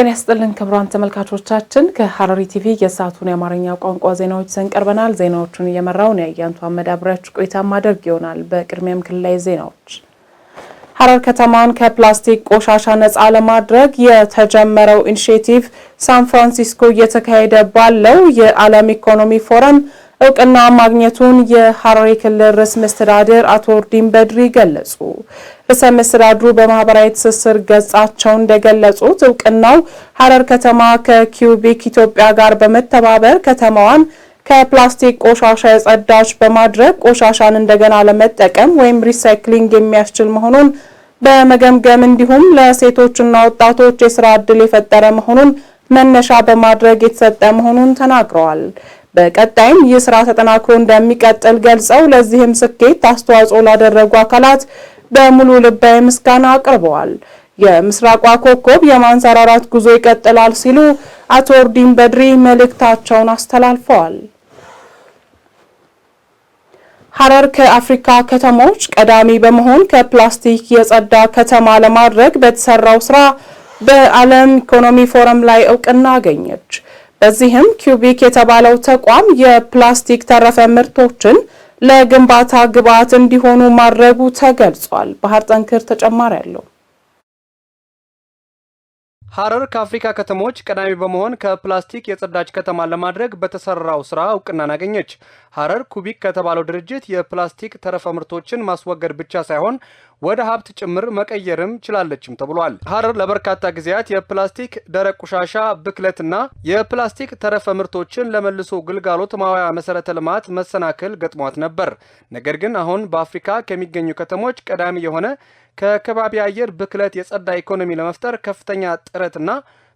ጤና ይስጥልን ክቡራን ተመልካቾቻችን፣ ከሐረሪ ቲቪ የሰዓቱን የአማርኛ ቋንቋ ዜናዎች ይዘን ቀርበናል። ዜናዎቹን እየመራው ነው ያያንቱ አመዳብሪያችሁ ቆይታ ማድረግ ይሆናል። በቅድሚያም ክልላዊ ዜናዎች። ሐረር ከተማን ከፕላስቲክ ቆሻሻ ነጻ ለማድረግ የተጀመረው ኢኒሽቲቭ ሳን ፍራንሲስኮ እየተካሄደ ባለው የዓለም ኢኮኖሚ ፎረም እውቅና ማግኘቱን የሐረሪ ክልል ርዕሰ መስተዳድር አቶ ኦርዲን በድሪ ገለጹ። ርዕሰ መስተዳድሩ በማህበራዊ ትስስር ገጻቸው እንደገለጹት እውቅናው ሐረር ከተማ ከኪውቢክ ኢትዮጵያ ጋር በመተባበር ከተማዋን ከፕላስቲክ ቆሻሻ የጸዳች በማድረግ ቆሻሻን እንደገና ለመጠቀም ወይም ሪሳይክሊንግ የሚያስችል መሆኑን በመገምገም እንዲሁም ለሴቶችና ወጣቶች የስራ እድል የፈጠረ መሆኑን መነሻ በማድረግ የተሰጠ መሆኑን ተናግረዋል። በቀጣይም ይህ ስራ ተጠናክሮ እንደሚቀጥል ገልጸው ለዚህም ስኬት አስተዋጽኦ ላደረጉ አካላት በሙሉ ልባዊ ምስጋና አቅርበዋል። የምስራቋ ኮከብ የማንሰራራት ጉዞ ይቀጥላል ሲሉ አቶ ኦርዲን በድሪ መልእክታቸውን አስተላልፈዋል። ሐረር ከአፍሪካ ከተሞች ቀዳሚ በመሆን ከፕላስቲክ የጸዳ ከተማ ለማድረግ በተሰራው ስራ በዓለም ኢኮኖሚ ፎረም ላይ እውቅና አገኘች። በዚህም ኪዩቢክ የተባለው ተቋም የፕላስቲክ ተረፈ ምርቶችን ለግንባታ ግብዓት እንዲሆኑ ማድረጉ ተገልጿል። ባህር ጠንክር ተጨማሪ አለው። ሐረር ከአፍሪካ ከተሞች ቀዳሚ በመሆን ከፕላስቲክ የጸዳች ከተማ ለማድረግ በተሰራው ስራ እውቅናን አገኘች። ሐረር ኩቢክ ከተባለው ድርጅት የፕላስቲክ ተረፈ ምርቶችን ማስወገድ ብቻ ሳይሆን ወደ ሀብት ጭምር መቀየርም ችላለችም ተብሏል። ሐረር ለበርካታ ጊዜያት የፕላስቲክ ደረቅ ቆሻሻ ብክለትና የፕላስቲክ ተረፈ ምርቶችን ለመልሶ ግልጋሎት ማዋያ መሰረተ ልማት መሰናክል ገጥሟት ነበር። ነገር ግን አሁን በአፍሪካ ከሚገኙ ከተሞች ቀዳሚ የሆነ ከከባቢ አየር ብክለት የጸዳ ኢኮኖሚ ለመፍጠር ከፍተኛ ጥረትና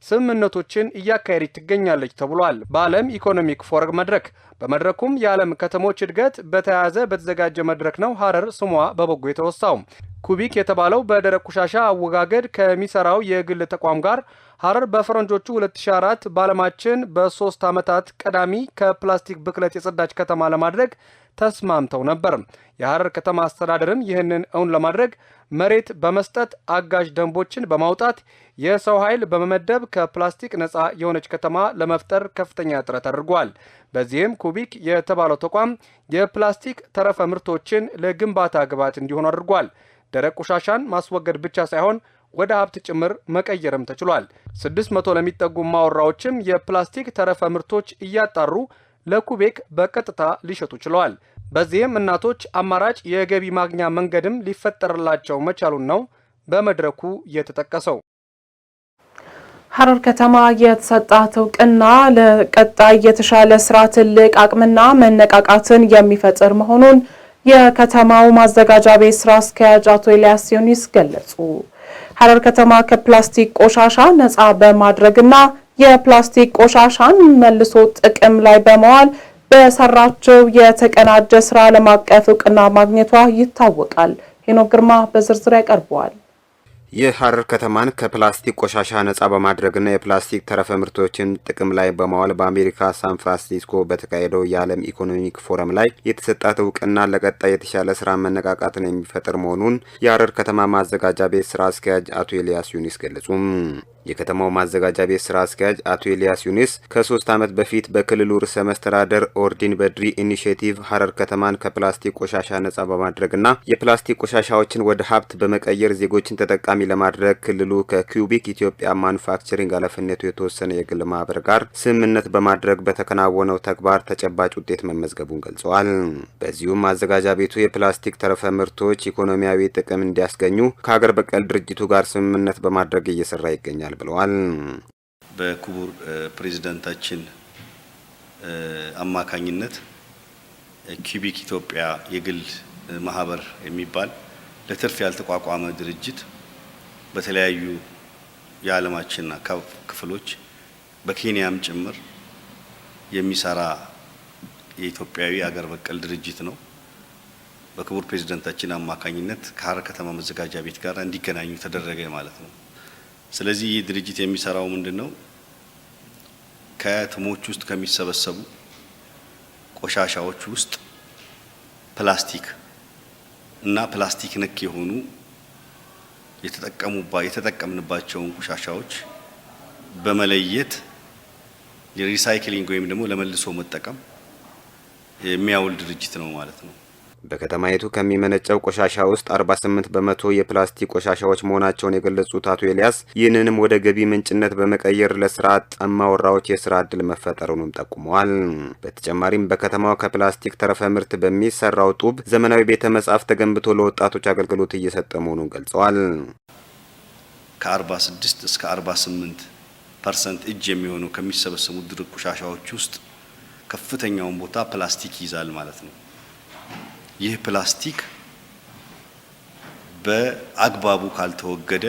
ስምምነቶችን እያካሄደች ትገኛለች ተብሏል። በዓለም ኢኮኖሚክ ፎረም መድረክ በመድረኩም የዓለም ከተሞች እድገት በተያያዘ በተዘጋጀ መድረክ ነው ሀረር ስሟ በበጎ የተወሳው። ኩቢክ የተባለው በደረቅ ቆሻሻ አወጋገድ ከሚሰራው የግል ተቋም ጋር ሐረር በፈረንጆቹ 2004 በዓለማችን በሶስት ዓመታት ቀዳሚ ከፕላስቲክ ብክለት የጸዳች ከተማ ለማድረግ ተስማምተው ነበር። የሀረር ከተማ አስተዳደርም ይህንን እውን ለማድረግ መሬት በመስጠት አጋዥ ደንቦችን በማውጣት የሰው ኃይል በመመደብ ከፕላስቲክ ነፃ የሆነች ከተማ ለመፍጠር ከፍተኛ ጥረት አድርጓል። በዚህም ኩቢክ የተባለው ተቋም የፕላስቲክ ተረፈ ምርቶችን ለግንባታ ግብዓት እንዲሆኑ አድርጓል። ደረቅ ቆሻሻን ማስወገድ ብቻ ሳይሆን ወደ ሀብት ጭምር መቀየርም ተችሏል። 600 ለሚጠጉ ማወራዎችም የፕላስቲክ ተረፈ ምርቶች እያጣሩ ለኩቤክ በቀጥታ ሊሸጡ ችለዋል። በዚህም እናቶች አማራጭ የገቢ ማግኛ መንገድም ሊፈጠርላቸው መቻሉን ነው በመድረኩ የተጠቀሰው። ሀረር ከተማ የተሰጣት እውቅና ለቀጣይ የተሻለ ስራ ትልቅ አቅምና መነቃቃትን የሚፈጥር መሆኑን የከተማው ማዘጋጃ ቤት ስራ አስኪያጅ አቶ ኤልያስ ዮኒስ ገለጹ። ሐረር ከተማ ከፕላስቲክ ቆሻሻ ነጻ በማድረግና የፕላስቲክ ቆሻሻን መልሶ ጥቅም ላይ በመዋል በሰራቸው የተቀናጀ ስራ ዓለም አቀፍ እውቅና ማግኘቷ ይታወቃል። ሄኖ ግርማ በዝርዝር ያቀርበዋል። ይህ ሀረር ከተማን ከፕላስቲክ ቆሻሻ ነጻ በማድረግና የፕላስቲክ ተረፈ ምርቶችን ጥቅም ላይ በማዋል በአሜሪካ ሳን ፍራንሲስኮ በተካሄደው የዓለም ኢኮኖሚክ ፎረም ላይ የተሰጣት እውቅና ለቀጣይ የተሻለ ስራ መነቃቃትን የሚፈጥር መሆኑን የሀረር ከተማ ማዘጋጃ ቤት ስራ አስኪያጅ አቶ ኤልያስ ዩኒስ ገለጹም። የከተማው ማዘጋጃ ቤት ስራ አስኪያጅ አቶ ኤልያስ ዩኒስ ከሶስት ዓመት በፊት በክልሉ ርዕሰ መስተዳደር ኦርዲን በድሪ ኢኒሽቲቭ ሀረር ከተማን ከፕላስቲክ ቆሻሻ ነጻ በማድረግና የፕላስቲክ ቆሻሻዎችን ወደ ሀብት በመቀየር ዜጎችን ተጠቃሚ ለማድረግ ክልሉ ከኪዩቢክ ኢትዮጵያ ማኑፋክቸሪንግ ኃላፊነቱ የተወሰነ የግል ማህበር ጋር ስምምነት በማድረግ በተከናወነው ተግባር ተጨባጭ ውጤት መመዝገቡን ገልጸዋል። በዚሁም ማዘጋጃ ቤቱ የፕላስቲክ ተረፈ ምርቶች ኢኮኖሚያዊ ጥቅም እንዲያስገኙ ከሀገር በቀል ድርጅቱ ጋር ስምምነት በማድረግ እየሰራ ይገኛል ይገኛል ብለዋል። በክቡር ፕሬዚደንታችን አማካኝነት ኪቢክ ኢትዮጵያ የግል ማህበር የሚባል ለትርፍ ያልተቋቋመ ድርጅት በተለያዩ የዓለማችን ክፍሎች በኬንያም ጭምር የሚሰራ የኢትዮጵያዊ አገር በቀል ድርጅት ነው። በክቡር ፕሬዚደንታችን አማካኝነት ከሀረር ከተማ መዘጋጃ ቤት ጋር እንዲገናኙ ተደረገ ማለት ነው። ስለዚህ ይህ ድርጅት የሚሰራው ምንድን ነው? ከትሞች ውስጥ ከሚሰበሰቡ ቆሻሻዎች ውስጥ ፕላስቲክ እና ፕላስቲክ ነክ የሆኑ የተጠቀሙባ የተጠቀምንባቸውን ቆሻሻዎች በመለየት የሪሳይክሊንግ ወይም ደግሞ ለመልሶ መጠቀም የሚያውል ድርጅት ነው ማለት ነው። በከተማይቱ ከሚመነጨው ቆሻሻ ውስጥ 48 በመቶ የፕላስቲክ ቆሻሻዎች መሆናቸውን የገለጹት አቶ ኤልያስ ይህንንም ወደ ገቢ ምንጭነት በመቀየር ለስርዓት ጠማወራዎች የስራ እድል መፈጠሩንም ጠቁመዋል። በተጨማሪም በከተማው ከፕላስቲክ ተረፈ ምርት በሚሰራው ጡብ ዘመናዊ ቤተ መጻሕፍት ተገንብቶ ለወጣቶች አገልግሎት እየሰጠ መሆኑን ገልጸዋል። ከ46 እስከ 48 ፐርሰንት እጅ የሚሆኑ ከሚሰበሰቡ ድርቅ ቆሻሻዎች ውስጥ ከፍተኛውን ቦታ ፕላስቲክ ይይዛል ማለት ነው። ይህ ፕላስቲክ በአግባቡ ካልተወገደ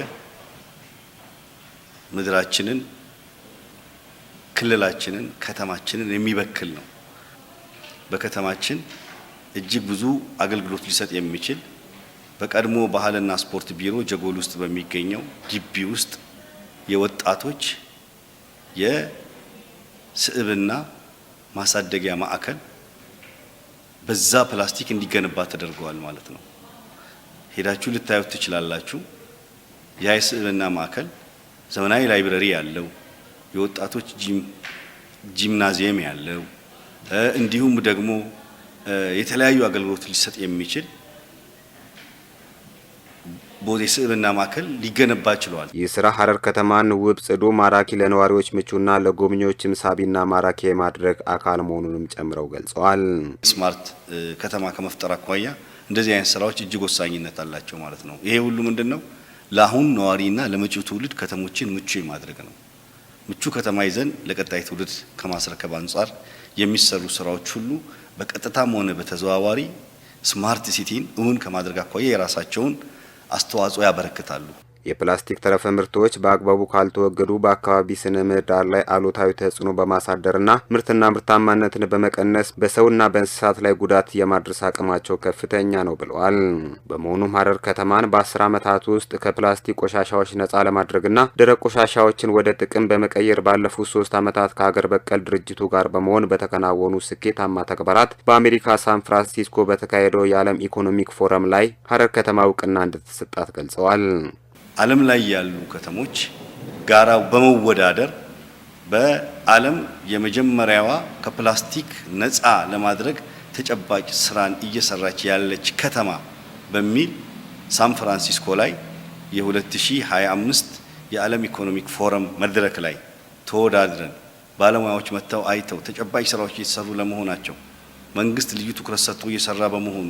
ምድራችንን፣ ክልላችንን፣ ከተማችንን የሚበክል ነው። በከተማችን እጅግ ብዙ አገልግሎት ሊሰጥ የሚችል በቀድሞ ባህልና ስፖርት ቢሮ ጀጎል ውስጥ በሚገኘው ግቢ ውስጥ የወጣቶች የስዕብና ማሳደጊያ ማዕከል በዛ ፕላስቲክ እንዲገነባ ተደርገዋል ማለት ነው። ሄዳችሁ ልታዩት ትችላላችሁ። ያ የስዕልና ማዕከል ዘመናዊ ላይብረሪ ያለው የወጣቶች ጂምናዚየም ያለው እንዲሁም ደግሞ የተለያዩ አገልግሎት ሊሰጥ የሚችል ቦሌ ስዕልና ማዕከል ሊገነባ ችሏል። ይህ ስራ ሀረር ከተማን ውብ፣ ጽዱ፣ ማራኪ ለነዋሪዎች ምቹና ለጎብኚዎችም ሳቢና ማራኪ የማድረግ አካል መሆኑንም ጨምረው ገልጸዋል። ስማርት ከተማ ከመፍጠር አኳያ እንደዚህ አይነት ስራዎች እጅግ ወሳኝነት አላቸው ማለት ነው። ይሄ ሁሉ ምንድን ነው? ለአሁን ነዋሪና ለመጪው ትውልድ ከተሞችን ምቹ የማድረግ ነው። ምቹ ከተማ ይዘን ለቀጣይ ትውልድ ከማስረከብ አንጻር የሚሰሩ ስራዎች ሁሉ በቀጥታም ሆነ በተዘዋዋሪ ስማርት ሲቲን እውን ከማድረግ አኳያ የራሳቸውን አስተዋጽኦ ያበረክታሉ። የፕላስቲክ ተረፈ ምርቶች በአግባቡ ካልተወገዱ በአካባቢ ስነ ምህዳር ላይ አሉታዊ ተጽዕኖ በማሳደርና ምርትና ምርታማነትን በመቀነስ በሰውና በእንስሳት ላይ ጉዳት የማድረስ አቅማቸው ከፍተኛ ነው ብለዋል። በመሆኑም ሀረር ከተማን በአስር ዓመታት ውስጥ ከፕላስቲክ ቆሻሻዎች ነፃ ለማድረግና ደረቅ ቆሻሻዎችን ወደ ጥቅም በመቀየር ባለፉት ሶስት ዓመታት ከሀገር በቀል ድርጅቱ ጋር በመሆን በተከናወኑ ስኬታማ ተግባራት በአሜሪካ ሳን ፍራንሲስኮ በተካሄደው የዓለም ኢኮኖሚክ ፎረም ላይ ሀረር ከተማ እውቅና እንደተሰጣት ገልጸዋል። ዓለም ላይ ያሉ ከተሞች ጋራ በመወዳደር በዓለም የመጀመሪያዋ ከፕላስቲክ ነፃ ለማድረግ ተጨባጭ ስራን እየሰራች ያለች ከተማ በሚል ሳን ፍራንሲስኮ ላይ የ2025 የዓለም ኢኮኖሚክ ፎረም መድረክ ላይ ተወዳድረን ባለሙያዎች መጥተው አይተው ተጨባጭ ስራዎች እየተሰሩ ለመሆናቸው መንግስት ልዩ ትኩረት ሰጥቶ እየሰራ በመሆኑ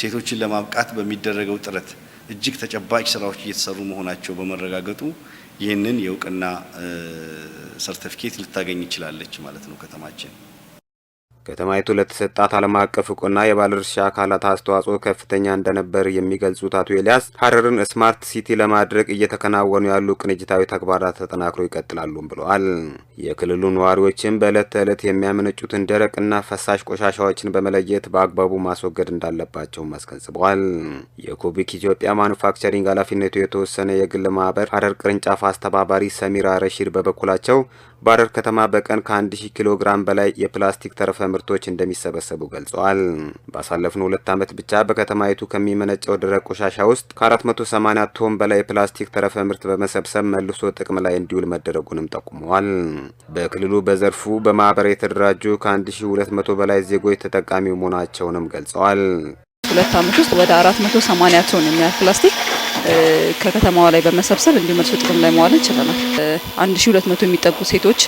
ሴቶችን ለማብቃት በሚደረገው ጥረት እጅግ ተጨባጭ ስራዎች እየተሰሩ መሆናቸው በመረጋገጡ ይህንን የእውቅና ሰርተፊኬት ልታገኝ ይችላለች ማለት ነው ከተማችን። ከተማይቱ ለተሰጣት ዓለም አቀፍ እውቅና የባለድርሻ አካላት አስተዋጽኦ ከፍተኛ እንደነበር የሚገልጹት አቶ ኤልያስ ሀረርን ስማርት ሲቲ ለማድረግ እየተከናወኑ ያሉ ቅንጅታዊ ተግባራት ተጠናክሮ ይቀጥላሉም ብለዋል። የክልሉ ነዋሪዎችም በዕለት ተዕለት የሚያመነጩትን ደረቅና ፈሳሽ ቆሻሻዎችን በመለየት በአግባቡ ማስወገድ እንዳለባቸው አስገንዝበዋል። የኩቢክ ኢትዮጵያ ማኑፋክቸሪንግ ኃላፊነቱ የተወሰነ የግል ማህበር ሀረር ቅርንጫፍ አስተባባሪ ሰሚራ ረሺድ በበኩላቸው በሀረር ከተማ በቀን ከ1000 ኪሎ ግራም በላይ የፕላስቲክ ተረፈ ምርቶች እንደሚሰበሰቡ ገልጸዋል። ባሳለፍነው ሁለት ዓመት ብቻ በከተማይቱ ከሚመነጨው ደረቅ ቆሻሻ ውስጥ ከ480 ቶን በላይ የፕላስቲክ ተረፈ ምርት በመሰብሰብ መልሶ ጥቅም ላይ እንዲውል መደረጉንም ጠቁመዋል። በክልሉ በዘርፉ በማህበር የተደራጁ ከ1200 በላይ ዜጎች ተጠቃሚ መሆናቸውንም ገልጸዋል። ሁለት ዓመት ውስጥ ወደ 480 ቶን የሚያህል ፕላስቲክ ከከተማዋ ላይ በመሰብሰብ እንዲሁ መልሶ ጥቅም ላይ መዋል እንችለናል። 1200 የሚጠጉ ሴቶች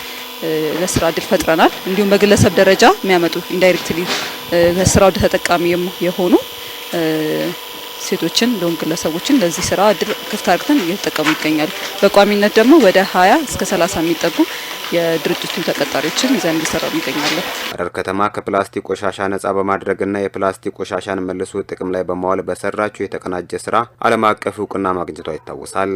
ለስራ እድል ፈጥረናል። እንዲሁም በግለሰብ ደረጃ የሚያመጡ ኢንዳይሬክትሊ በስራው ተጠቃሚ የሆኑ ሴቶችን እንዲሁም ግለሰቦችን ለዚህ ስራ እድል ክፍት አድርገን እየተጠቀሙ ይገኛሉ። በቋሚነት ደግሞ ወደ 20 እስከ 30 የሚጠጉ የድርጅቱ ተቀጣሪዎችን ይዘን እየሰራ ይገኛለን። ሐረር ከተማ ከፕላስቲክ ቆሻሻ ነጻ በማድረግና የፕላስቲክ ቆሻሻን መልሶ ጥቅም ላይ በማዋል በሰራችው የተቀናጀ ስራ ዓለም አቀፍ እውቅና ማግኘቷ ይታወሳል።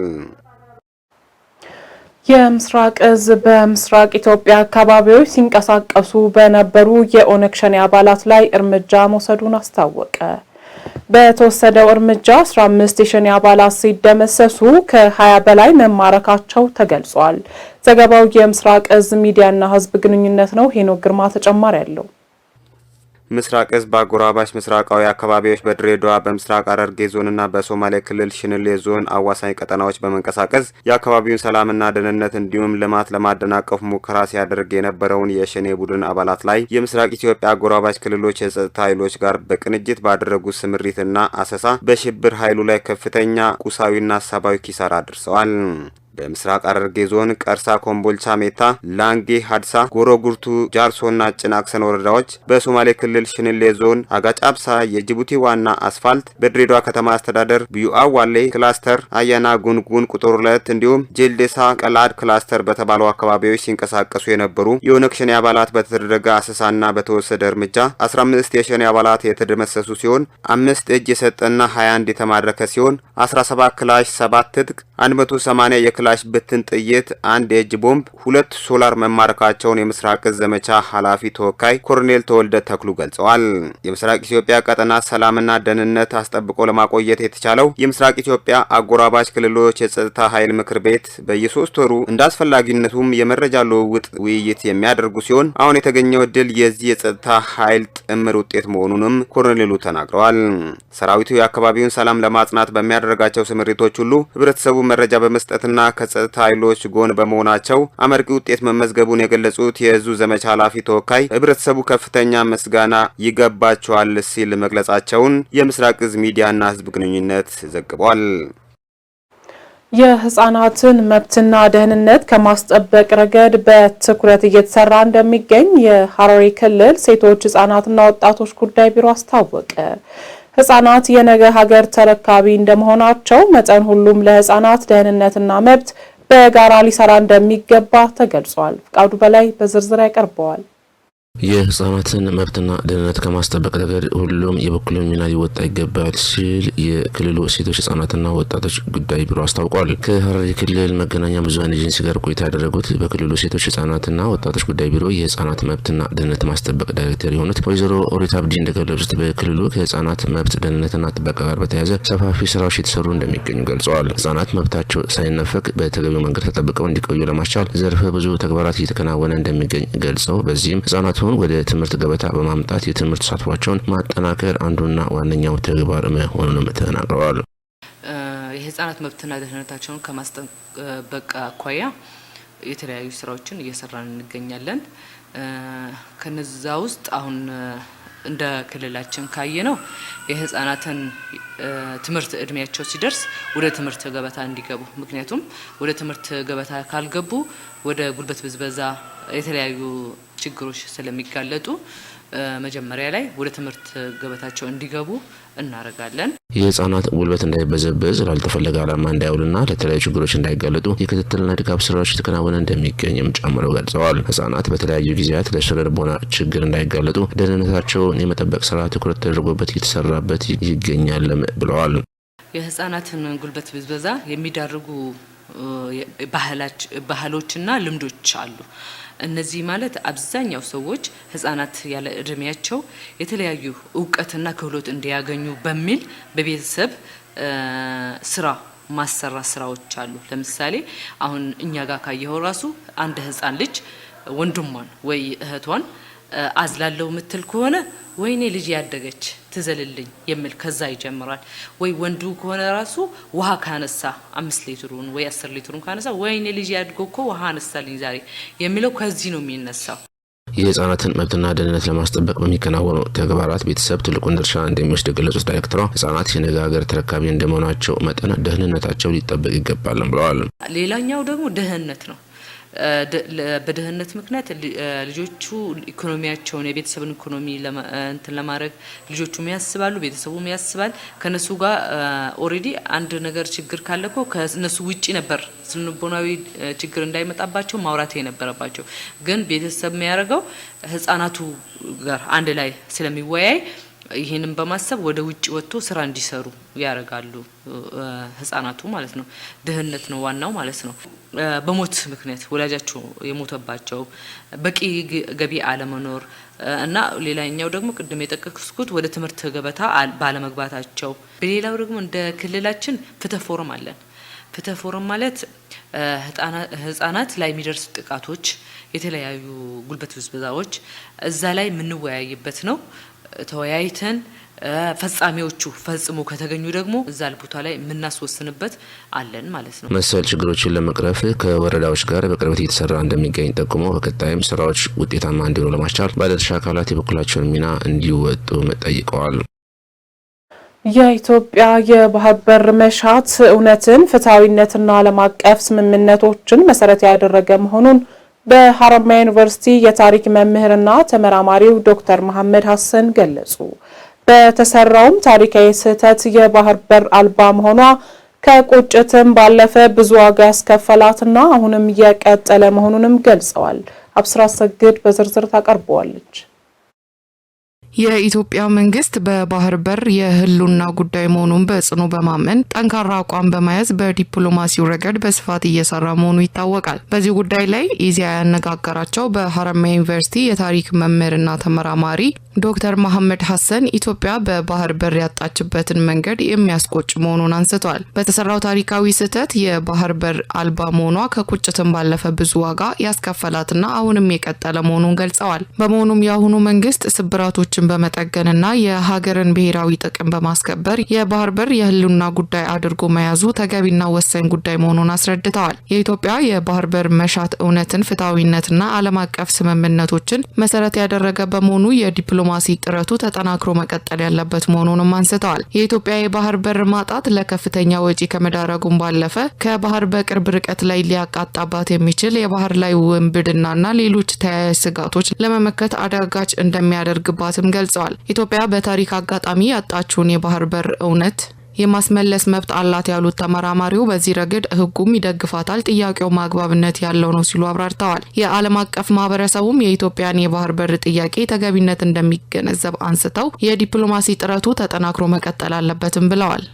የምስራቅ እዝ በምስራቅ ኢትዮጵያ አካባቢዎች ሲንቀሳቀሱ በነበሩ የኦነግ ሸኔ አባላት ላይ እርምጃ መውሰዱን አስታወቀ። በተወሰደው እርምጃ 15 የሸኔ አባላት ሲደመሰሱ ከ20 በላይ መማረካቸው ተገልጿል። ዘገባው የምስራቅ እዝ ሚዲያና ሕዝብ ግንኙነት ነው። ሄኖክ ግርማ ተጨማሪ አለው። ምስራቅ እዝ በአጎራባች ምስራቃዊ አካባቢዎች በድሬዳዋ በምስራቅ ዞን ዞንና በሶማሌ ክልል ሽንሌ ዞን አዋሳኝ ቀጠናዎች በመንቀሳቀስ የአካባቢውን ሰላምና ደህንነት እንዲሁም ልማት ለማደናቀፍ ሙከራ ሲያደርግ የነበረውን የሸኔ ቡድን አባላት ላይ የምስራቅ ኢትዮጵያ አጎራባች ክልሎች የጸጥታ ኃይሎች ጋር በቅንጅት ባደረጉት ስምሪትና አሰሳ በሽብር ኃይሉ ላይ ከፍተኛ ቁሳዊና ሰብአዊ ኪሳራ አድርሰዋል። በምስራቅ ሐረርጌ ዞን ቀርሳ፣ ኮምቦልቻ፣ ሜታ፣ ላንጌ፣ ሀድሳ፣ ጎሮጉርቱ ጃርሶና ጭናክሰን ወረዳዎች፣ በሶማሌ ክልል ሽንሌ ዞን አጋጫብሳ የጅቡቲ ዋና አስፋልት፣ በድሬዳዋ ከተማ አስተዳደር ቢዩአ ዋሌ ክላስተር፣ አያና ጉንጉን ቁጥር ሁለት እንዲሁም ጅልዴሳ ቀላድ ክላስተር በተባሉ አካባቢዎች ሲንቀሳቀሱ የነበሩ የኦነግ ሸኔ አባላት በተደረገ አሰሳና በተወሰደ እርምጃ 15 የሸኔ አባላት የተደመሰሱ ሲሆን አምስት እጅ የሰጠና 21 የተማረከ ሲሆን 17 ክላሽ 7 ትጥቅ 180 የክላ የክላሽ ብትን ጥይት፣ አንድ የእጅ ቦምብ፣ ሁለት ሶላር መማረካቸውን የምስራቅ እዝ ዘመቻ ኃላፊ ተወካይ ኮሎኔል ተወልደ ተክሉ ገልጸዋል። የምስራቅ ኢትዮጵያ ቀጠና ሰላምና ደህንነት አስጠብቆ ለማቆየት የተቻለው የምስራቅ ኢትዮጵያ አጎራባች ክልሎች የጸጥታ ኃይል ምክር ቤት በየሶስት ወሩ እንደ አስፈላጊነቱም የመረጃ ልውውጥ ውይይት የሚያደርጉ ሲሆን አሁን የተገኘው ድል የዚህ የጸጥታ ኃይል ጥምር ውጤት መሆኑንም ኮሎኔሉ ተናግረዋል። ሰራዊቱ የአካባቢውን ሰላም ለማጽናት በሚያደርጋቸው ስምሪቶች ሁሉ ህብረተሰቡ መረጃ በመስጠትና ከጸጥታ ኃይሎች ጎን በመሆናቸው አመርቂ ውጤት መመዝገቡን የገለጹት የህዝቡ ዘመቻ ኃላፊ ተወካይ ህብረተሰቡ ከፍተኛ ምስጋና ይገባቸዋል ሲል መግለጻቸውን የምስራቅ እዝ ሚዲያና ህዝብ ግንኙነት ዘግቧል። የህጻናትን መብትና ደህንነት ከማስጠበቅ ረገድ በትኩረት እየተሰራ እንደሚገኝ የሐረሪ ክልል ሴቶች ህጻናትና ወጣቶች ጉዳይ ቢሮ አስታወቀ። ህጻናት የነገ ሀገር ተረካቢ እንደመሆናቸው መጠን ሁሉም ለህጻናት ደህንነትና መብት በጋራ ሊሰራ እንደሚገባ ተገልጿል። ፍቃዱ በላይ በዝርዝር ያቀርበዋል። የህጻናትን መብትና ደህንነት ከማስጠበቅ ረገድ ሁሉም የበኩሉን ሚና ሊወጣ ይገባል ሲል የክልሉ ሴቶች ህጻናትና ወጣቶች ጉዳይ ቢሮ አስታውቋል። ከሀረሪ ክልል መገናኛ ብዙሃን ኤጀንሲ ጋር ቆይታ ያደረጉት በክልሉ ሴቶች ህጻናትና ወጣቶች ጉዳይ ቢሮ የህጻናት መብትና ደህንነት ማስጠበቅ ዳይሬክተር የሆኑት ወይዘሮ ኦሪት አብዲ እንደገለጹት በክልሉ ከህጻናት መብት ደህንነትና ጥበቃ ጋር በተያያዘ ሰፋፊ ስራዎች የተሰሩ እንደሚገኙ ገልጸዋል። ህጻናት መብታቸው ሳይነፈቅ በተገቢው መንገድ ተጠብቀው እንዲቆዩ ለማስቻል ዘርፈ ብዙ ተግባራት እየተከናወነ እንደሚገኝ ገልጸው በዚህም ህጻናቱ ወጣቱን ወደ ትምህርት ገበታ በማምጣት የትምህርት ተሳትፏቸውን ማጠናከር አንዱና ዋነኛው ተግባር መሆኑንም ተናግረዋል። የህጻናት መብትና ደህንነታቸውን ከማስጠበቅ አኳያ የተለያዩ ስራዎችን እየሰራን እንገኛለን። ከነዛ ውስጥ አሁን እንደ ክልላችን ካየ ነው የህጻናትን ትምህርት እድሜያቸው ሲደርስ ወደ ትምህርት ገበታ እንዲገቡ። ምክንያቱም ወደ ትምህርት ገበታ ካልገቡ ወደ ጉልበት ብዝበዛ፣ የተለያዩ ችግሮች ስለሚጋለጡ መጀመሪያ ላይ ወደ ትምህርት ገበታቸው እንዲገቡ እናደርጋለን። የህጻናት ጉልበት እንዳይበዘበዝ ላልተፈለገ ዓላማ እንዳይውልና ለተለያዩ ችግሮች እንዳይጋለጡ የክትትልና ድጋፍ ስራዎች የተከናወነ እንደሚገኝም ጨምረው ገልጸዋል። ህጻናት በተለያዩ ጊዜያት ለስነ ልቦና ችግር እንዳይጋለጡ ደህንነታቸውን የመጠበቅ ስራ ትኩረት ተደርጎበት እየተሰራበት ይገኛል። ብለዋል። የህጻናትን ጉልበት ብዝበዛ የሚዳርጉ ባህሎችና ልምዶች አሉ። እነዚህ ማለት አብዛኛው ሰዎች ህጻናት ያለ እድሜያቸው የተለያዩ እውቀትና ክህሎት እንዲያገኙ በሚል በቤተሰብ ስራ ማሰራ ስራዎች አሉ። ለምሳሌ አሁን እኛ ጋር ካየኸው ራሱ አንድ ህጻን ልጅ ወንድሟን ወይ እህቷን አዝላለው ምትል ከሆነ ወይኔ ልጅ ያደገች ትዘልልኝ የሚል ከዛ ይጀምራል። ወይ ወንዱ ከሆነ ራሱ ውሃ ካነሳ አምስት ሊትሩን ወይ አስር ሊትሩን ካነሳ ወይኔ ልጅ ያድጎ እኮ ውሃ አነሳልኝ ዛሬ የሚለው ከዚህ ነው የሚነሳው። የህጻናትን መብትና ደህንነት ለማስጠበቅ በሚከናወኑ ተግባራት ቤተሰብ ትልቁን ድርሻ እንደሚወስድ የገለጹት ዳይሬክተሯ ህጻናት የነገ ሀገር ተረካቢ እንደመሆናቸው መጠን ደህንነታቸው ሊጠበቅ ይገባልን ብለዋል። ሌላኛው ደግሞ ደህንነት ነው። በድህነት ምክንያት ልጆቹ ኢኮኖሚያቸውን የቤተሰብን ኢኮኖሚ እንትን ለማድረግ ልጆቹም ያስባሉ፣ ቤተሰቡም ያስባል። ከነሱ ጋር ኦሬዲ አንድ ነገር ችግር ካለ እኮ ከነሱ ውጪ ነበር ስንቦናዊ ችግር እንዳይመጣባቸው ማውራት የነበረባቸው። ግን ቤተሰብ የሚያደርገው ህጻናቱ ጋር አንድ ላይ ስለሚወያይ ይህንም በማሰብ ወደ ውጭ ወጥቶ ስራ እንዲሰሩ ያደርጋሉ ህጻናቱ ማለት ነው። ድህነት ነው ዋናው ማለት ነው። በሞት ምክንያት ወላጃቸው የሞተባቸው በቂ ገቢ አለመኖር እና ሌላኛው ደግሞ ቅድም የጠቀስኩት ወደ ትምህርት ገበታ ባለመግባታቸው፣ በሌላው ደግሞ እንደ ክልላችን ፍትህ ፎረም አለን። ፍትህ ፎረም ማለት ህጻናት ላይ የሚደርሱ ጥቃቶች፣ የተለያዩ ጉልበት ብዝበዛዎች እዛ ላይ የምንወያይበት ነው። ተወያይተን ፈጻሚዎቹ ፈጽሞ ከተገኙ ደግሞ እዛ ቦታ ላይ የምናስወስንበት አለን ማለት ነው። መሰል ችግሮችን ለመቅረፍ ከወረዳዎች ጋር በቅርበት እየተሰራ እንደሚገኝ ጠቁመው በቀጣይም ስራዎች ውጤታማ እንዲሆኑ ለማስቻል ባለድርሻ አካላት የበኩላቸውን ሚና እንዲወጡ ጠይቀዋል። የኢትዮጵያ የባህር በር መሻት እውነትን፣ ፍትሐዊነትና ዓለም አቀፍ ስምምነቶችን መሰረት ያደረገ መሆኑን በሀረማያ ዩኒቨርሲቲ የታሪክ መምህርና ተመራማሪው ዶክተር መሐመድ ሀሰን ገለጹ። በተሰራውም ታሪካዊ ስህተት የባህር በር አልባ መሆኗ ከቁጭትም ባለፈ ብዙ ዋጋ ያስከፈላትና አሁንም የቀጠለ መሆኑንም ገልጸዋል። አብስራ ሰግድ በዝርዝር ታቀርበዋለች። የኢትዮጵያ መንግስት በባህር በር የህልውና ጉዳይ መሆኑን በጽኑ በማመን ጠንካራ አቋም በመያዝ በዲፕሎማሲው ረገድ በስፋት እየሰራ መሆኑ ይታወቃል። በዚህ ጉዳይ ላይ ኢዜአ ያነጋገራቸው በሀረማያ ዩኒቨርሲቲ የታሪክ መምህርና ተመራማሪ ዶክተር መሐመድ ሐሰን ኢትዮጵያ በባህር በር ያጣችበትን መንገድ የሚያስቆጭ መሆኑን አንስተዋል። በተሰራው ታሪካዊ ስህተት የባህር በር አልባ መሆኗ ከቁጭትም ባለፈ ብዙ ዋጋ ያስከፈላትና አሁንም የቀጠለ መሆኑን ገልጸዋል። በመሆኑም የአሁኑ መንግስት ስብራቶችን ግጭትን በመጠገንና የሀገርን ብሔራዊ ጥቅም በማስከበር የባህር በር የህልውና ጉዳይ አድርጎ መያዙ ተገቢና ወሳኝ ጉዳይ መሆኑን አስረድተዋል። የኢትዮጵያ የባህር በር መሻት እውነትን፣ ፍትሐዊነትና ዓለም አቀፍ ስምምነቶችን መሰረት ያደረገ በመሆኑ የዲፕሎማሲ ጥረቱ ተጠናክሮ መቀጠል ያለበት መሆኑንም አንስተዋል። የኢትዮጵያ የባህር በር ማጣት ለከፍተኛ ወጪ ከመዳረጉም ባለፈ ከባህር በቅርብ ርቀት ላይ ሊያቃጣባት የሚችል የባህር ላይ ውንብድናና ሌሎች ተያያዥ ስጋቶች ለመመከት አዳጋች እንደሚያደርግባትም መሆናቸውን ገልጸዋል። ኢትዮጵያ በታሪክ አጋጣሚ ያጣችውን የባህር በር እውነት የማስመለስ መብት አላት ያሉት ተመራማሪው በዚህ ረገድ ሕጉም ይደግፋታል፣ ጥያቄው ማግባብነት ያለው ነው ሲሉ አብራርተዋል። የዓለም አቀፍ ማህበረሰቡም የኢትዮጵያን የባህር በር ጥያቄ ተገቢነት እንደሚገነዘብ አንስተው የዲፕሎማሲ ጥረቱ ተጠናክሮ መቀጠል አለበትም ብለዋል።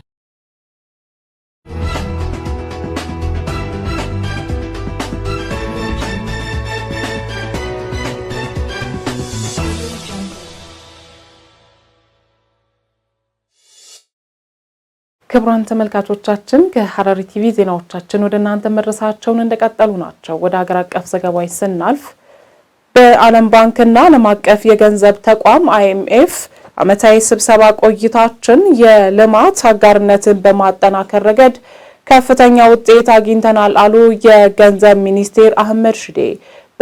ክቡራን ተመልካቾቻችን ከሐረሪ ቲቪ ዜናዎቻችን ወደ እናንተ መድረሳቸውን እንደቀጠሉ ናቸው። ወደ ሀገር አቀፍ ዘገባዎች ስናልፍ በዓለም ባንክና ዓለም አቀፍ የገንዘብ ተቋም አይኤምኤፍ ዓመታዊ ስብሰባ ቆይታችን የልማት አጋርነትን በማጠናከር ረገድ ከፍተኛ ውጤት አግኝተናል አሉ የገንዘብ ሚኒስቴር አህመድ ሽዴ።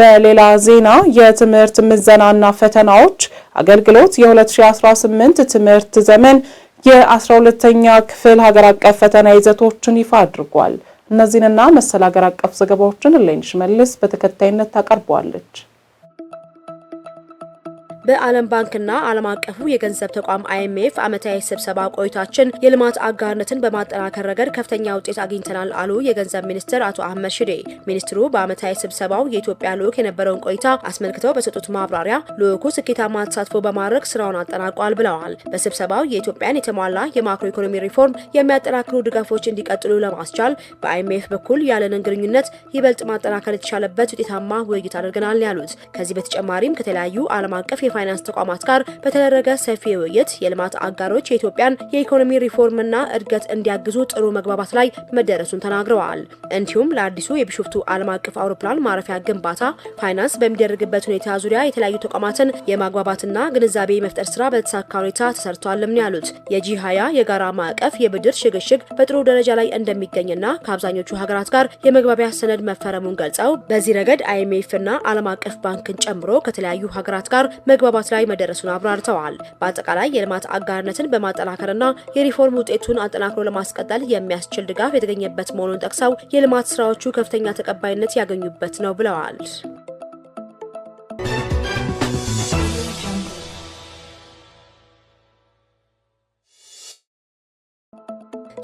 በሌላ ዜና የትምህርት ምዘናና ፈተናዎች አገልግሎት የ2018 ትምህርት ዘመን የ12ተኛ ክፍል ሀገር አቀፍ ፈተና ይዘቶችን ይፋ አድርጓል። እነዚህንና መሰል ሀገር አቀፍ ዘገባዎችን ሌንሽ መልስ በተከታይነት ታቀርበዋለች። በዓለም ባንክና ዓለም አቀፉ የገንዘብ ተቋም አይኤምኤፍ ዓመታዊ ስብሰባ ቆይታችን የልማት አጋርነትን በማጠናከር ረገድ ከፍተኛ ውጤት አግኝተናል አሉ የገንዘብ ሚኒስትር አቶ አህመድ ሽዴ። ሚኒስትሩ በዓመታዊ ስብሰባው የኢትዮጵያ ልዑክ የነበረውን ቆይታ አስመልክተው በሰጡት ማብራሪያ ልዑኩ ስኬታማ ተሳትፎ በማድረግ ስራውን አጠናቋል ብለዋል። በስብሰባው የኢትዮጵያን የተሟላ የማክሮ ኢኮኖሚ ሪፎርም የሚያጠናክሩ ድጋፎች እንዲቀጥሉ ለማስቻል በአይኤምኤፍ በኩል ያለንን ግንኙነት ይበልጥ ማጠናከር የተቻለበት ውጤታማ ውይይት አድርገናል ያሉት ከዚህ በተጨማሪም ከተለያዩ ዓለም አቀፍ የፋይናንስ ተቋማት ጋር በተደረገ ሰፊ ውይይት የልማት አጋሮች የኢትዮጵያን የኢኮኖሚ ሪፎርምና እድገት እንዲያግዙ ጥሩ መግባባት ላይ መደረሱን ተናግረዋል። እንዲሁም ለአዲሱ የቢሾፍቱ ዓለም አቀፍ አውሮፕላን ማረፊያ ግንባታ ፋይናንስ በሚደረግበት ሁኔታ ዙሪያ የተለያዩ ተቋማትን የማግባባትና ግንዛቤ የመፍጠር ስራ በተሳካ ሁኔታ ተሰርቷልም ነው ያሉት። የጂ ሀያ የጋራ ማዕቀፍ የብድር ሽግሽግ በጥሩ ደረጃ ላይ እንደሚገኝና ከአብዛኞቹ ሀገራት ጋር የመግባቢያ ሰነድ መፈረሙን ገልጸው በዚህ ረገድ አይኤምኤፍና ዓለም አቀፍ ባንክን ጨምሮ ከተለያዩ ሀገራት ጋር መግባባት ላይ መደረሱን አብራርተዋል። በአጠቃላይ የልማት አጋርነትን በማጠናከርና የሪፎርም ውጤቱን አጠናክሮ ለማስቀጠል የሚያስችል ድጋፍ የተገኘበት መሆኑን ጠቅሰው የልማት ስራዎቹ ከፍተኛ ተቀባይነት ያገኙበት ነው ብለዋል።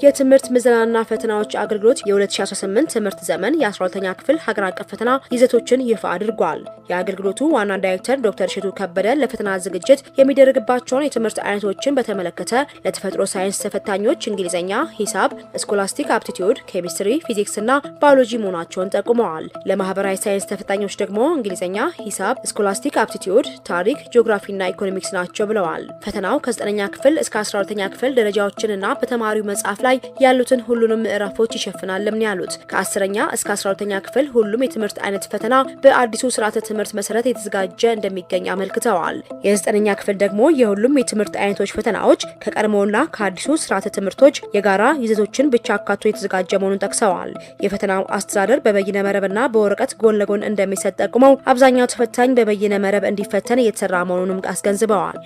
የትምህርት ምዘናና ፈተናዎች አገልግሎት የ2018 ትምህርት ዘመን የ12ኛ ክፍል ሀገር አቀፍ ፈተና ይዘቶችን ይፋ አድርጓል። የአገልግሎቱ ዋና ዳይሬክተር ዶክተር እሸቱ ከበደ ለፈተና ዝግጅት የሚደረግባቸውን የትምህርት አይነቶችን በተመለከተ ለተፈጥሮ ሳይንስ ተፈታኞች እንግሊዝኛ፣ ሂሳብ፣ ስኮላስቲክ አፕቲቲዩድ፣ ኬሚስትሪ፣ ፊዚክስና ባዮሎጂ መሆናቸውን ጠቁመዋል። ለማህበራዊ ሳይንስ ተፈታኞች ደግሞ እንግሊዝኛ፣ ሂሳብ፣ ስኮላስቲክ አፕቲቲዩድ፣ ታሪክ፣ ጂኦግራፊና ኢኮኖሚክስ ናቸው ብለዋል። ፈተናው ከ9ኛ ክፍል እስከ 12ኛ ክፍል ደረጃዎችንና በተማሪው መጽሐፍ ላይ ያሉትን ሁሉንም ምዕራፎች ይሸፍናልም ነው ያሉት። ከአስረኛ እስከ አስራ ሁለተኛ ክፍል ሁሉም የትምህርት አይነት ፈተና በአዲሱ ስርዓተ ትምህርት መሰረት የተዘጋጀ እንደሚገኝ አመልክተዋል። የዘጠነኛ ክፍል ደግሞ የሁሉም የትምህርት አይነቶች ፈተናዎች ከቀድሞውና ከአዲሱ ስርዓተ ትምህርቶች የጋራ ይዘቶችን ብቻ አካቶ የተዘጋጀ መሆኑን ጠቅሰዋል። የፈተናው አስተዳደር በበይነ መረብና በወረቀት ጎን ለጎን እንደሚሰጥ ጠቁመው አብዛኛው ተፈታኝ በበይነ መረብ እንዲፈተን እየተሰራ መሆኑንም አስገንዝበዋል።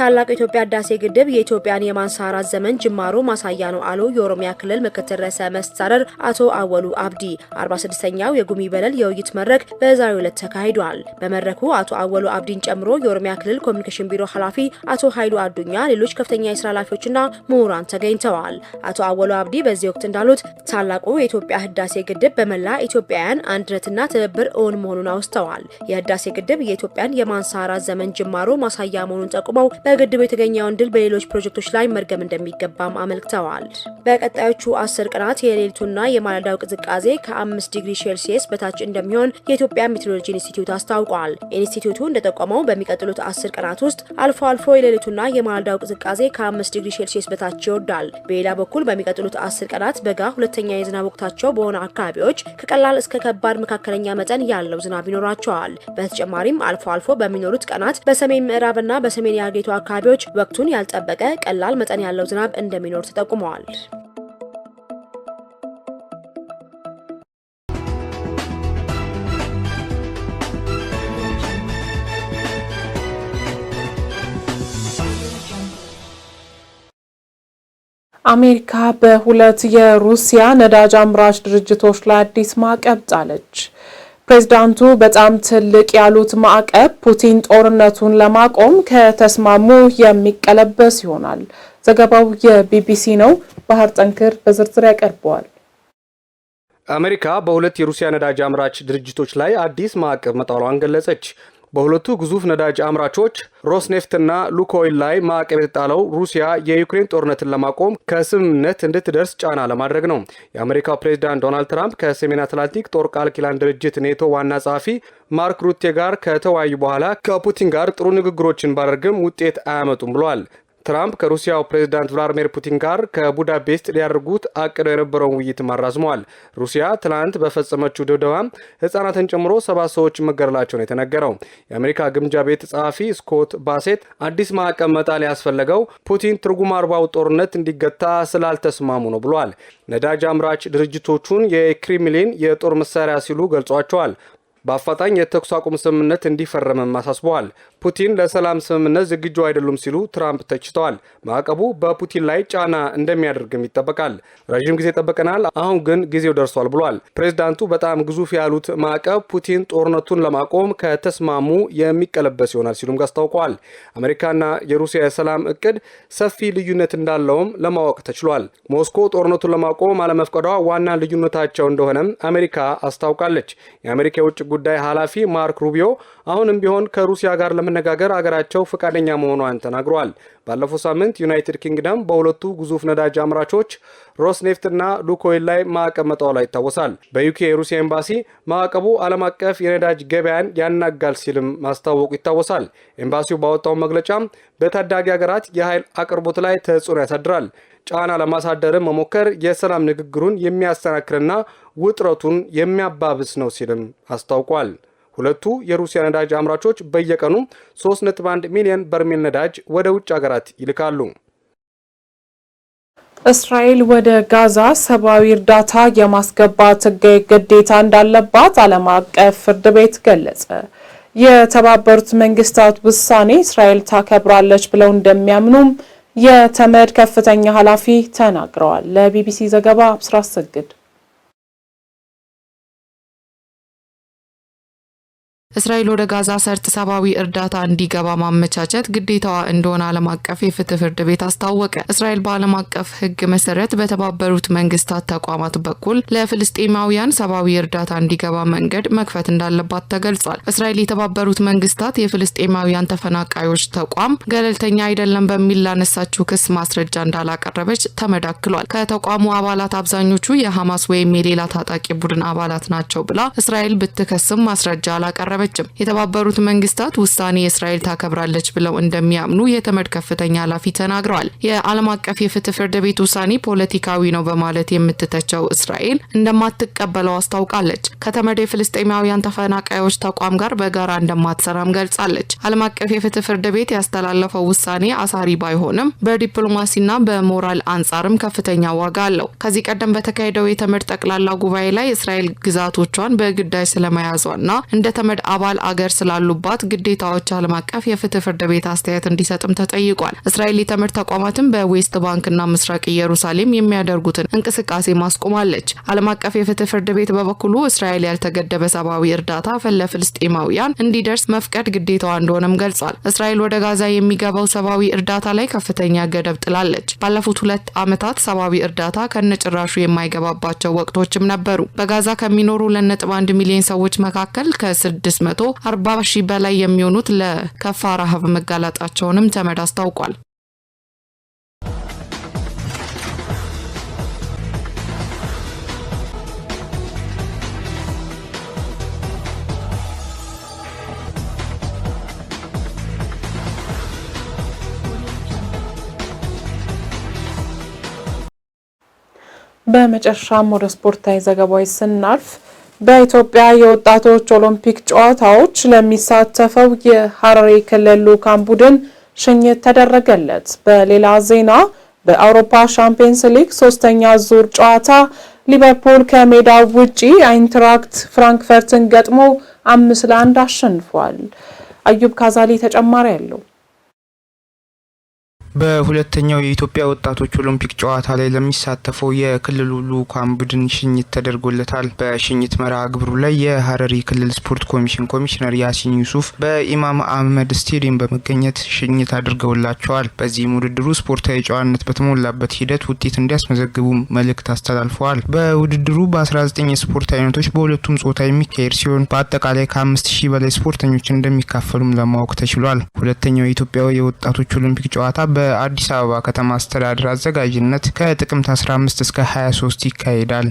ታላቁ የኢትዮጵያ ህዳሴ ግድብ የኢትዮጵያን የማንሰራራት ዘመን ጅማሮ ማሳያ ነው አሉ የኦሮሚያ ክልል ምክትል ርዕሰ መስተዳደር አቶ አወሉ አብዲ። 46ኛው የጉሚ በለል የውይይት መድረክ በዛሬው ዕለት ተካሂዷል። በመድረኩ አቶ አወሉ አብዲን ጨምሮ የኦሮሚያ ክልል ኮሚኒኬሽን ቢሮ ኃላፊ አቶ ኃይሉ አዱኛ፣ ሌሎች ከፍተኛ የስራ ኃላፊዎችና ምሁራን ተገኝተዋል። አቶ አወሉ አብዲ በዚህ ወቅት እንዳሉት ታላቁ የኢትዮጵያ ህዳሴ ግድብ በመላ ኢትዮጵያውያን አንድነትና ትብብር እውን መሆኑን አውስተዋል። የህዳሴ ግድብ የኢትዮጵያን የማንሰራራት ዘመን ጅማሮ ማሳያ መሆኑን ጠቁመው በግድቡ የተገኘውን ድል በሌሎች ፕሮጀክቶች ላይ መርገም እንደሚገባም አመልክተዋል። በቀጣዮቹ አስር ቀናት የሌሊቱና የማለዳው ቅዝቃዜ ከአምስት ዲግሪ ሴልሲየስ በታች እንደሚሆን የኢትዮጵያ ሜትሮሎጂ ኢንስቲትዩት አስታውቋል። ኢንስቲትዩቱ እንደጠቆመው በሚቀጥሉት አስር ቀናት ውስጥ አልፎ አልፎ የሌሊቱና የማለዳው ቅዝቃዜ ከአምስት ዲግሪ ሴልሲየስ በታች ይወርዳል። በሌላ በኩል በሚቀጥሉት አስር ቀናት በጋ ሁለተኛ የዝናብ ወቅታቸው በሆነ አካባቢዎች ከቀላል እስከ ከባድ መካከለኛ መጠን ያለው ዝናብ ይኖራቸዋል። በተጨማሪም አልፎ አልፎ በሚኖሩት ቀናት በሰሜን ምዕራብና በሰሜን የአገሪቷ አካባቢዎች ወቅቱን ያልጠበቀ ቀላል መጠን ያለው ዝናብ እንደሚኖር ተጠቁመዋል። አሜሪካ በሁለት የሩሲያ ነዳጅ አምራች ድርጅቶች ላይ አዲስ ማዕቀብ ጣለች። ፕሬዝዳንቱ በጣም ትልቅ ያሉት ማዕቀብ ፑቲን ጦርነቱን ለማቆም ከተስማሙ የሚቀለበስ ይሆናል። ዘገባው የቢቢሲ ነው። ባህር ጠንክር በዝርዝር ያቀርበዋል። አሜሪካ በሁለት የሩሲያ ነዳጅ አምራች ድርጅቶች ላይ አዲስ ማዕቀብ መጣሏን ገለጸች። በሁለቱ ግዙፍ ነዳጅ አምራቾች ሮስኔፍትና ሉኮይል ላይ ማዕቀብ የተጣለው ሩሲያ የዩክሬን ጦርነትን ለማቆም ከስምምነት እንድትደርስ ጫና ለማድረግ ነው። የአሜሪካው ፕሬዚዳንት ዶናልድ ትራምፕ ከሰሜን አትላንቲክ ጦር ቃል ኪዳን ድርጅት ኔቶ ዋና ጸሐፊ ማርክ ሩቴ ጋር ከተወያዩ በኋላ ከፑቲን ጋር ጥሩ ንግግሮችን ባደርግም ውጤት አያመጡም ብሏል። ትራምፕ ከሩሲያው ፕሬዚዳንት ቭላዲሚር ፑቲን ጋር ከቡዳፔስት ሊያደርጉት አቅደው የነበረውን ውይይትም አራዝመዋል። ሩሲያ ትናንት በፈጸመችው ድብደባ ሕጻናትን ጨምሮ ሰባት ሰዎች መገደላቸውን ነው የተነገረው። የአሜሪካ ግምጃ ቤት ጸሐፊ ስኮት ባሴት አዲስ ማዕቀብ መጣል ያስፈለገው ፑቲን ትርጉም አልባው ጦርነት እንዲገታ ስላልተስማሙ ነው ብሏል። ነዳጅ አምራች ድርጅቶቹን የክሪምሊን የጦር መሳሪያ ሲሉ ገልጿቸዋል። በአፋጣኝ የተኩስ አቁም ስምምነት እንዲፈረምም አሳስበዋል። ፑቲን ለሰላም ስምምነት ዝግጁ አይደሉም ሲሉ ትራምፕ ተችተዋል። ማዕቀቡ በፑቲን ላይ ጫና እንደሚያደርግም ይጠበቃል። ረዥም ጊዜ ጠበቀናል፣ አሁን ግን ጊዜው ደርሷል ብሏል። ፕሬዚዳንቱ በጣም ግዙፍ ያሉት ማዕቀብ ፑቲን ጦርነቱን ለማቆም ከተስማሙ የሚቀለበስ ይሆናል ሲሉም አስታውቀዋል። አሜሪካና የሩሲያ የሰላም እቅድ ሰፊ ልዩነት እንዳለውም ለማወቅ ተችሏል። ሞስኮ ጦርነቱን ለማቆም አለመፍቀዷ ዋና ልዩነታቸው እንደሆነም አሜሪካ አስታውቃለች። የአሜሪካ የውጭ ጉዳይ ኃላፊ ማርክ ሩቢዮ አሁንም ቢሆን ከሩሲያ ጋር ለ ለመነጋገር አገራቸው ፈቃደኛ መሆኗን ተናግረዋል። ባለፈው ሳምንት ዩናይትድ ኪንግደም በሁለቱ ግዙፍ ነዳጅ አምራቾች ሮስኔፍትና ሉኮይል ላይ ማዕቀብ መጣሏ ይታወሳል። በዩኬ የሩሲያ ኤምባሲ ማዕቀቡ ዓለም አቀፍ የነዳጅ ገበያን ያናጋል ሲልም ማስታወቁ ይታወሳል። ኤምባሲው ባወጣው መግለጫ በታዳጊ ሀገራት የኃይል አቅርቦት ላይ ተጽዕኖ ያሳድራል። ጫና ለማሳደርም መሞከር የሰላም ንግግሩን የሚያስተናክርና ውጥረቱን የሚያባብስ ነው ሲልም አስታውቋል። ሁለቱ የሩሲያ ነዳጅ አምራቾች በየቀኑ 3.1 ሚሊዮን በርሜል ነዳጅ ወደ ውጭ ሀገራት ይልካሉ። እስራኤል ወደ ጋዛ ሰብአዊ እርዳታ የማስገባት ሕጋዊ ግዴታ እንዳለባት ዓለም አቀፍ ፍርድ ቤት ገለጸ። የተባበሩት መንግስታት ውሳኔ እስራኤል ታከብራለች ብለው እንደሚያምኑም የተመድ ከፍተኛ ኃላፊ ተናግረዋል። ለቢቢሲ ዘገባ አብስራ አሰግድ እስራኤል ወደ ጋዛ ሰርጥ ሰብአዊ እርዳታ እንዲገባ ማመቻቸት ግዴታዋ እንደሆነ ዓለም አቀፍ የፍትህ ፍርድ ቤት አስታወቀ። እስራኤል በዓለም አቀፍ ሕግ መሰረት በተባበሩት መንግስታት ተቋማት በኩል ለፍልስጤማውያን ሰብአዊ እርዳታ እንዲገባ መንገድ መክፈት እንዳለባት ተገልጿል። እስራኤል የተባበሩት መንግስታት የፍልስጤማውያን ተፈናቃዮች ተቋም ገለልተኛ አይደለም በሚል ላነሳችው ክስ ማስረጃ እንዳላቀረበች ተመዳክሏል። ከተቋሙ አባላት አብዛኞቹ የሐማስ ወይም የሌላ ታጣቂ ቡድን አባላት ናቸው ብላ እስራኤል ብትከስም ማስረጃ አላቀረበ አልቀረበችም። የተባበሩት መንግስታት ውሳኔ እስራኤል ታከብራለች ብለው እንደሚያምኑ የተመድ ከፍተኛ ኃላፊ ተናግረዋል። የዓለም አቀፍ የፍትህ ፍርድ ቤት ውሳኔ ፖለቲካዊ ነው በማለት የምትተቸው እስራኤል እንደማትቀበለው አስታውቃለች። ከተመድ የፍልስጤማውያን ተፈናቃዮች ተቋም ጋር በጋራ እንደማትሰራም ገልጻለች። ዓለም አቀፍ የፍትህ ፍርድ ቤት ያስተላለፈው ውሳኔ አሳሪ ባይሆንም በዲፕሎማሲና በሞራል አንጻርም ከፍተኛ ዋጋ አለው። ከዚህ ቀደም በተካሄደው የተመድ ጠቅላላ ጉባኤ ላይ እስራኤል ግዛቶቿን በግዳጅ ስለመያዟና እንደ ተመድ አባል አገር ስላሉባት ግዴታዎች ዓለም አቀፍ የፍትህ ፍርድ ቤት አስተያየት እንዲሰጥም ተጠይቋል። እስራኤል የትምህርት ተቋማትን በዌስት ባንክና ምስራቅ ኢየሩሳሌም የሚያደርጉትን እንቅስቃሴ ማስቆማለች። ዓለም አቀፍ የፍትህ ፍርድ ቤት በበኩሉ እስራኤል ያልተገደበ ሰብአዊ እርዳታ ለፍልስጤማውያን እንዲደርስ መፍቀድ ግዴታዋ እንደሆነም ገልጿል። እስራኤል ወደ ጋዛ የሚገባው ሰብአዊ እርዳታ ላይ ከፍተኛ ገደብ ጥላለች። ባለፉት ሁለት ዓመታት ሰብአዊ እርዳታ ከነጭራሹ የማይገባባቸው ወቅቶችም ነበሩ። በጋዛ ከሚኖሩ ሁለት ነጥብ አንድ ሚሊዮን ሰዎች መካከል ከስድስት ከ640 ሺህ በላይ የሚሆኑት ለከፋ ረሃብ መጋለጣቸውንም ተመድ አስታውቋል። በመጨረሻም ወደ ስፖርታዊ ዘገባዎች ስናልፍ በኢትዮጵያ የወጣቶች ኦሎምፒክ ጨዋታዎች ለሚሳተፈው የሐረሪ ክልል ልዑካን ቡድን ሽኝት ተደረገለት። በሌላ ዜና በአውሮፓ ሻምፒየንስ ሊግ ሶስተኛ ዙር ጨዋታ ሊቨርፑል ከሜዳው ውጪ አይንትራክት ፍራንክፈርትን ገጥሞ አምስት ለአንድ አሸንፏል። አዩብ ካዛሊ ተጨማሪ አለው። በሁለተኛው የኢትዮጵያ ወጣቶች ኦሎምፒክ ጨዋታ ላይ ለሚሳተፈው የክልሉ ሉኳን ቡድን ሽኝት ተደርጎለታል። በሽኝት መርሃ ግብሩ ላይ የሀረሪ ክልል ስፖርት ኮሚሽን ኮሚሽነር ያሲን ዩሱፍ በኢማም አህመድ ስቴዲየም በመገኘት ሽኝት አድርገውላቸዋል። በዚህም ውድድሩ ስፖርታዊ ጨዋነት በተሞላበት ሂደት ውጤት እንዲያስመዘግቡ መልእክት አስተላልፈዋል። በውድድሩ በ19 የስፖርት አይነቶች በሁለቱም ጾታ የሚካሄድ ሲሆን በአጠቃላይ ከአምስት ሺህ በላይ ስፖርተኞች እንደሚካፈሉም ለማወቅ ተችሏል። ሁለተኛው የኢትዮጵያ የወጣቶች ኦሎምፒክ ጨዋታ በአዲስ አበባ ከተማ አስተዳደር አዘጋጅነት ከጥቅምት 15 እስከ 23 ይካሄዳል።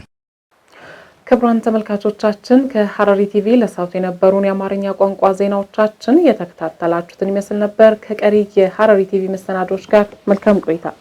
ክቡራን ተመልካቾቻችን ከሐረሪ ቲቪ ለሳውት የነበሩን የአማርኛ ቋንቋ ዜናዎቻችን የተከታተላችሁትን ይመስል ነበር። ከቀሪ የሐረሪ ቲቪ መሰናዶች ጋር መልካም ቆይታ